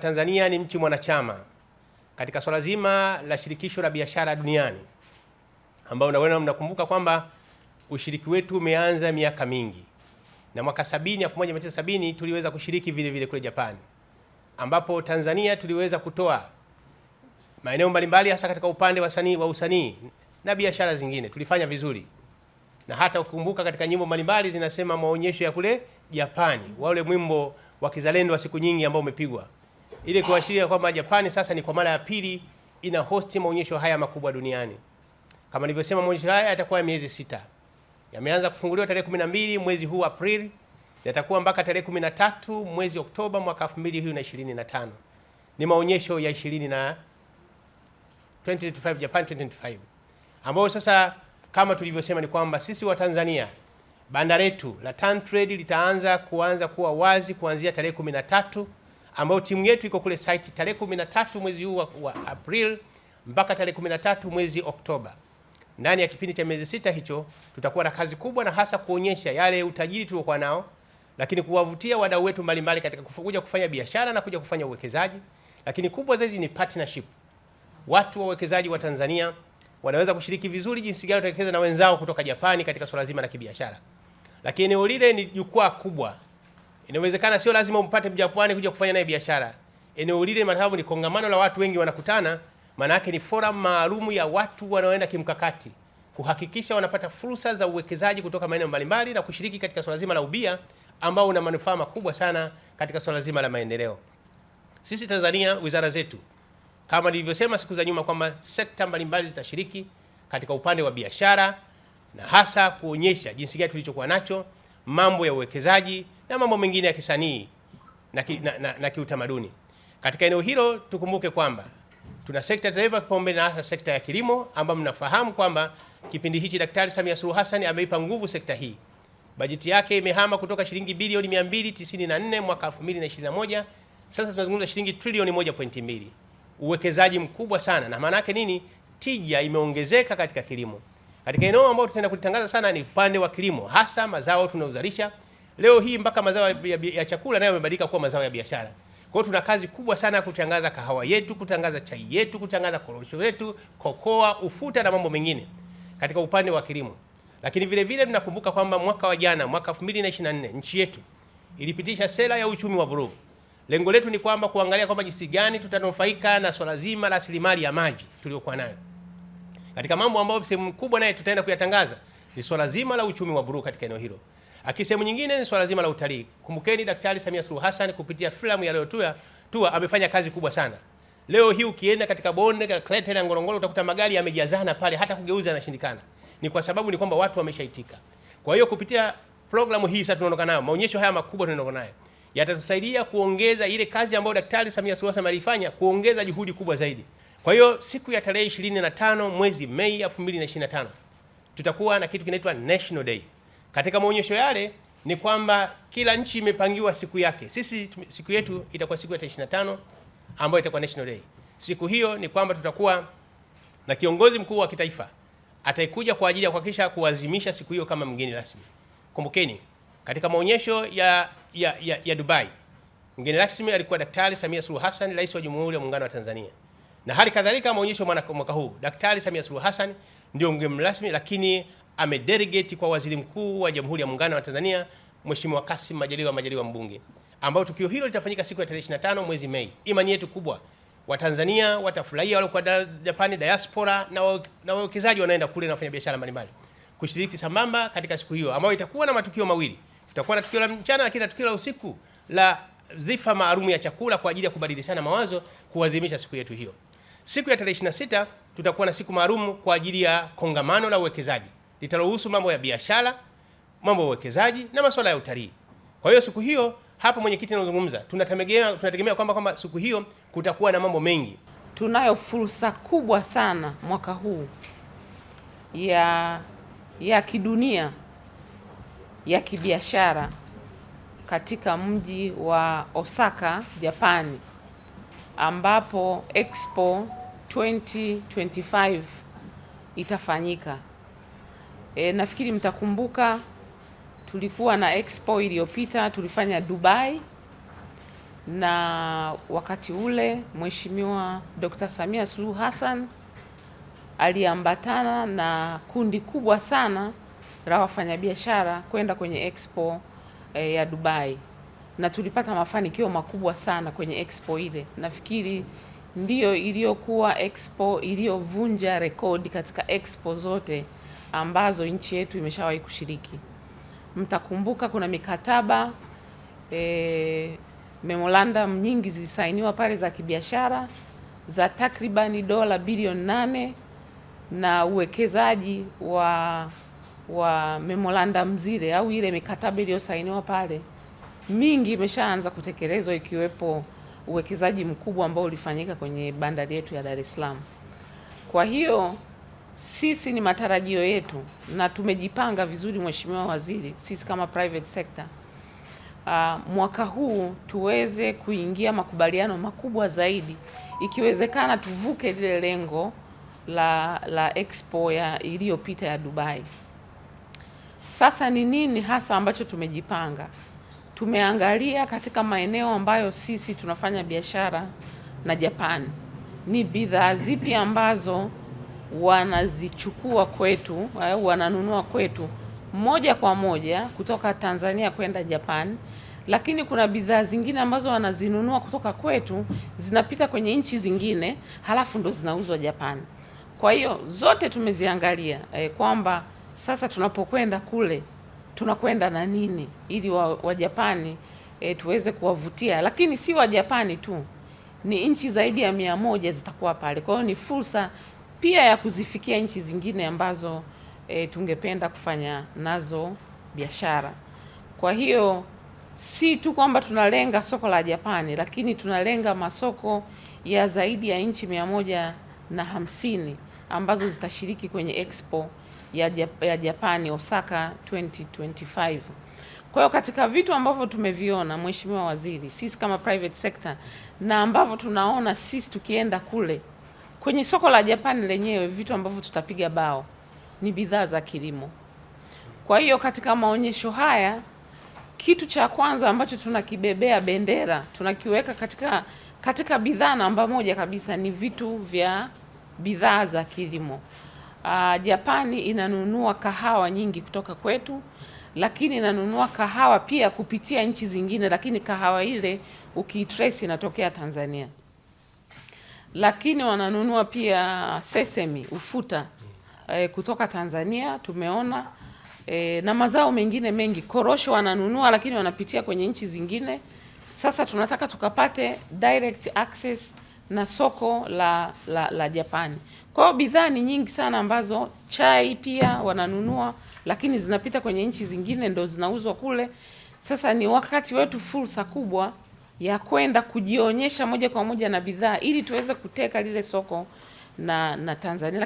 Tanzania ni nchi mwanachama katika swala zima la shirikisho la biashara duniani, ambao nawena mnakumbuka kwamba ushiriki wetu umeanza miaka mingi, na mwaka 70 sabini tuliweza kushiriki vile vile kule Japani, ambapo Tanzania tuliweza kutoa maeneo mbalimbali, hasa katika upande wa sanii wa usanii na biashara zingine, tulifanya vizuri, na hata ukikumbuka katika nyimbo mbalimbali zinasema maonyesho ya kule Japani, wale mwimbo wa kizalendo wa siku nyingi ambao umepigwa ili kuashiria kwamba Japani sasa ni kwa mara ya pili ina hosti maonyesho haya makubwa duniani. Kama nilivyosema, maonyesho haya yatakuwa miezi sita, yameanza kufunguliwa tarehe 12 mwezi huu Aprili, yatakuwa mpaka tarehe 13 mwezi Oktoba mwaka 2025. Ni maonyesho ya 20 na 2025, Japan 2025, ambayo sasa kama tulivyosema ni kwamba sisi wa Tanzania banda letu la Tantrade litaanza kuanza kuwa wazi kuanzia tarehe 13 ambayo timu yetu iko kule site tarehe 13 mwezi huu wa, wa April mpaka tarehe 13 mwezi Oktoba. Ndani ya kipindi cha miezi sita hicho tutakuwa na kazi kubwa, na hasa kuonyesha yale utajiri tuliokuwa nao, lakini kuwavutia wadau wetu mbalimbali katika kuja kufanya biashara na kuja kufanya uwekezaji, lakini kubwa zaidi ni partnership. Watu wawekezaji wa Tanzania wanaweza kushiriki vizuri jinsi gani watawekeza na wenzao kutoka Japani katika swala zima la kibiashara, lakini eneo lile ni jukwaa kubwa Inawezekana sio lazima umpate Mjapwani kuja kufanya naye biashara. Eneo lile madhabahu ni kongamano la watu wengi wanakutana, maana yake ni forum maalum ya watu wanaoenda kimkakati kuhakikisha wanapata fursa za uwekezaji kutoka maeneo mbalimbali na kushiriki katika swala zima la ubia ambao una manufaa makubwa sana katika swala zima la maendeleo. Sisi Tanzania, wizara zetu kama nilivyosema siku za nyuma kwamba sekta mbalimbali zitashiriki katika upande wa biashara na hasa kuonyesha jinsi gani tulichokuwa nacho, mambo ya uwekezaji na mambo mengine ya kisanii na, ki, na, na, na kiutamaduni. Katika eneo hilo tukumbuke kwamba tuna sekta zilizopewa kipaumbele na hasa sekta ya kilimo, ambayo mnafahamu kwamba kipindi hichi Daktari Samia Suluhu Hassan ameipa nguvu sekta hii. Bajeti yake imehama kutoka shilingi bilioni 294 mwaka 2021 sasa tunazungumza shilingi trilioni 1.2. Uwekezaji mkubwa sana, na maana yake nini? Tija imeongezeka katika kilimo. Katika eneo ambalo tutaenda kulitangaza sana ni upande wa kilimo, hasa mazao tunayozalisha Leo hii mpaka mazao ya, ya chakula nayo yamebadilika kuwa mazao ya biashara. Kwa hiyo tuna kazi kubwa sana ya kutangaza kahawa yetu, kutangaza chai yetu, kutangaza korosho yetu, kokoa, ufuta na mambo mengine katika upande wa kilimo. Lakini vile vile tunakumbuka kwamba mwaka wa jana, mwaka 2024 nchi yetu ilipitisha sera ya uchumi wa buluu. Lengo letu ni kwamba kuangalia kwamba jinsi gani tutanufaika na swala zima la rasilimali ya maji tuliyokuwa nayo. Katika mambo ambayo sehemu kubwa naye tutaenda kuyatangaza ni swala zima la uchumi wa buluu katika eneo hilo. Lakini sehemu nyingine ni swala zima la utalii. Kumbukeni Daktari Samia Suluhu Hassan kupitia filamu ya Leo Tua Tua amefanya kazi kubwa sana. Leo hii ukienda katika bonde la Klete na Ngorongoro utakuta magari yamejazana pale, hata kugeuza yanashindikana. Ni kwa sababu ni kwamba watu wameshaitika. Kwa hiyo kupitia programu hii sasa tunaondoka nayo, maonyesho haya makubwa tunaondoka nayo yatatusaidia kuongeza ile kazi ambayo Daktari Samia Suluhu Hassan alifanya, kuongeza juhudi kubwa zaidi. Kwa hiyo siku ya tarehe 25 mwezi Mei 2025 tutakuwa na kitu kinaitwa National Day. Katika maonyesho yale ni kwamba kila nchi imepangiwa siku yake. Sisi siku yetu itakuwa siku ya 25 ambayo itakuwa National Day. Siku hiyo ni kwamba tutakuwa na kiongozi mkuu wa kitaifa ataikuja kwa ajili ya kuhakikisha kuadhimisha siku hiyo kama mgeni rasmi. Kumbukeni, katika maonyesho ya, ya, ya, ya Dubai mgeni rasmi alikuwa Daktari Samia Suluhu Hassan, rais wa Jamhuri ya Muungano wa Tanzania, na hali kadhalika maonyesho mwaka huu Daktari Samia Suluhu Hassan ndio mgeni rasmi, lakini amedelegate kwa Waziri Mkuu wa Jamhuri ya Muungano wa Tanzania Mheshimiwa Kassim Majaliwa Majaliwa Mbunge, ambao tukio hilo litafanyika siku ya tarehe 25 mwezi Mei. Imani yetu kubwa Watanzania watafurahia, wale kwa Japani diaspora na wawekezaji wanaenda kule na wafanya biashara mbalimbali kushiriki sambamba katika siku hiyo ambayo itakuwa na matukio mawili. Tutakuwa na tukio la mchana, lakini tukio la usiku la dhifa maalum ya chakula kwa ajili ya kubadilishana mawazo kuadhimisha siku yetu hiyo. Siku ya tarehe 26 tutakuwa na siku maalum kwa ajili ya kongamano la uwekezaji litalohusu mambo ya biashara, mambo ya uwekezaji na masuala ya utalii. Kwa hiyo siku hiyo hapa mwenyekiti anazungumza, tunategemea tunategemea kwamba kwamba siku hiyo kutakuwa na mambo mengi. Tunayo fursa kubwa sana mwaka huu ya ya kidunia ya kibiashara katika mji wa Osaka, Japani ambapo Expo 2025 itafanyika. E, nafikiri mtakumbuka tulikuwa na expo iliyopita tulifanya Dubai, na wakati ule Mheshimiwa Dr. Samia Suluhu Hassan aliambatana na kundi kubwa sana la wafanyabiashara kwenda kwenye expo e, ya Dubai na tulipata mafanikio makubwa sana kwenye expo ile. Nafikiri ndiyo iliyokuwa expo iliyovunja rekodi katika expo zote ambazo nchi yetu imeshawahi kushiriki. Mtakumbuka kuna mikataba e, memorandum nyingi zilisainiwa pale za kibiashara za takribani dola bilioni nane na uwekezaji wa wa memorandum zile au ile mikataba iliyosainiwa pale mingi imeshaanza kutekelezwa ikiwepo uwekezaji mkubwa ambao ulifanyika kwenye bandari yetu ya Dar es Salaam. Kwa hiyo sisi ni matarajio yetu na tumejipanga vizuri, Mheshimiwa Waziri, sisi kama private sector uh, mwaka huu tuweze kuingia makubaliano makubwa zaidi, ikiwezekana tuvuke lile lengo la, la expo ya iliyopita ya Dubai. Sasa ni nini hasa ambacho tumejipanga? Tumeangalia katika maeneo ambayo sisi tunafanya biashara na Japan, ni bidhaa zipi ambazo wanazichukua kwetu au eh, wananunua kwetu moja kwa moja kutoka Tanzania kwenda Japan, lakini kuna bidhaa zingine ambazo wanazinunua kutoka kwetu zinapita kwenye nchi zingine, halafu ndo zinauzwa Japan. Kwa hiyo zote tumeziangalia eh, kwamba sasa tunapokwenda kule tunakwenda na nini ili wa, wa eh, tuweze kuwavutia, lakini si Wajapani tu, ni nchi zaidi ya mia moja zitakuwa pale. Kwa hiyo ni fursa pia ya kuzifikia nchi zingine ambazo e, tungependa kufanya nazo biashara. Kwa hiyo si tu kwamba tunalenga soko la Japani, lakini tunalenga masoko ya zaidi ya nchi mia moja na hamsini ambazo zitashiriki kwenye expo ya, Jap ya Japani Osaka 2025. Kwa hiyo katika vitu ambavyo tumeviona Mheshimiwa Waziri, sisi kama private sector na ambavyo tunaona sisi tukienda kule Kwenye soko la Japani lenyewe vitu ambavyo tutapiga bao ni bidhaa za kilimo. Kwa hiyo katika maonyesho haya kitu cha kwanza ambacho tunakibebea bendera tunakiweka katika katika bidhaa namba moja kabisa ni vitu vya bidhaa za kilimo. Uh, ah, Japani inanunua kahawa nyingi kutoka kwetu, lakini inanunua kahawa pia kupitia nchi zingine, lakini kahawa ile ukiitrace inatokea Tanzania lakini wananunua pia sesemi ufuta e, kutoka Tanzania tumeona e, na mazao mengine mengi, korosho wananunua, lakini wanapitia kwenye nchi zingine. Sasa tunataka tukapate direct access na soko la, la, la Japani. Kwa hiyo bidhaa ni nyingi sana ambazo chai pia wananunua, lakini zinapita kwenye nchi zingine ndo zinauzwa kule. Sasa ni wakati wetu, fursa kubwa ya kwenda kujionyesha moja kwa moja na bidhaa ili tuweze kuteka lile soko na na Tanzania.